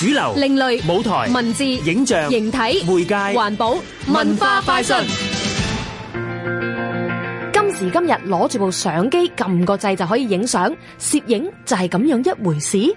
主流、另類、舞台、文字、影像、形體、媒介、環保、文化、快訊。今時今日，攞住部相機，撳個掣就可以影相，攝影就係咁樣一回事。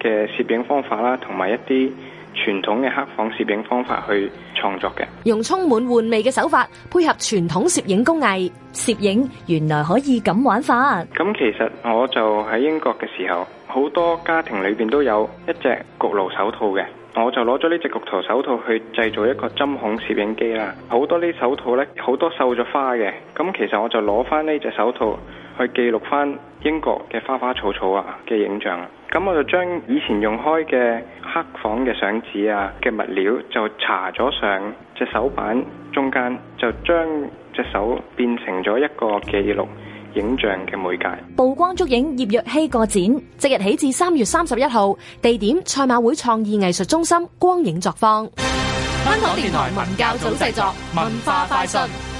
嘅攝影方法啦，同埋一啲傳統嘅黑房攝影方法去創作嘅，用充滿玩味嘅手法配合傳統攝影工藝，攝影原來可以咁玩法。咁其實我就喺英國嘅時候，好多家庭裏面都有一隻焗爐手套嘅，我就攞咗呢隻焗爐手套去製造一個針孔攝影機啦。好多呢手套呢，好多繡咗花嘅，咁其實我就攞返呢隻手套。去記錄翻英國嘅花花草草啊嘅影像，咁我就將以前用開嘅黑房嘅相紙啊嘅物料就搽咗上隻手板中間，就將隻手變成咗一個記錄影像嘅媒介。曝光捉影葉若希個展，即日起至三月三十一號，地點賽馬會創意藝術中心光影作坊。香港電台文教組製作文化快訊。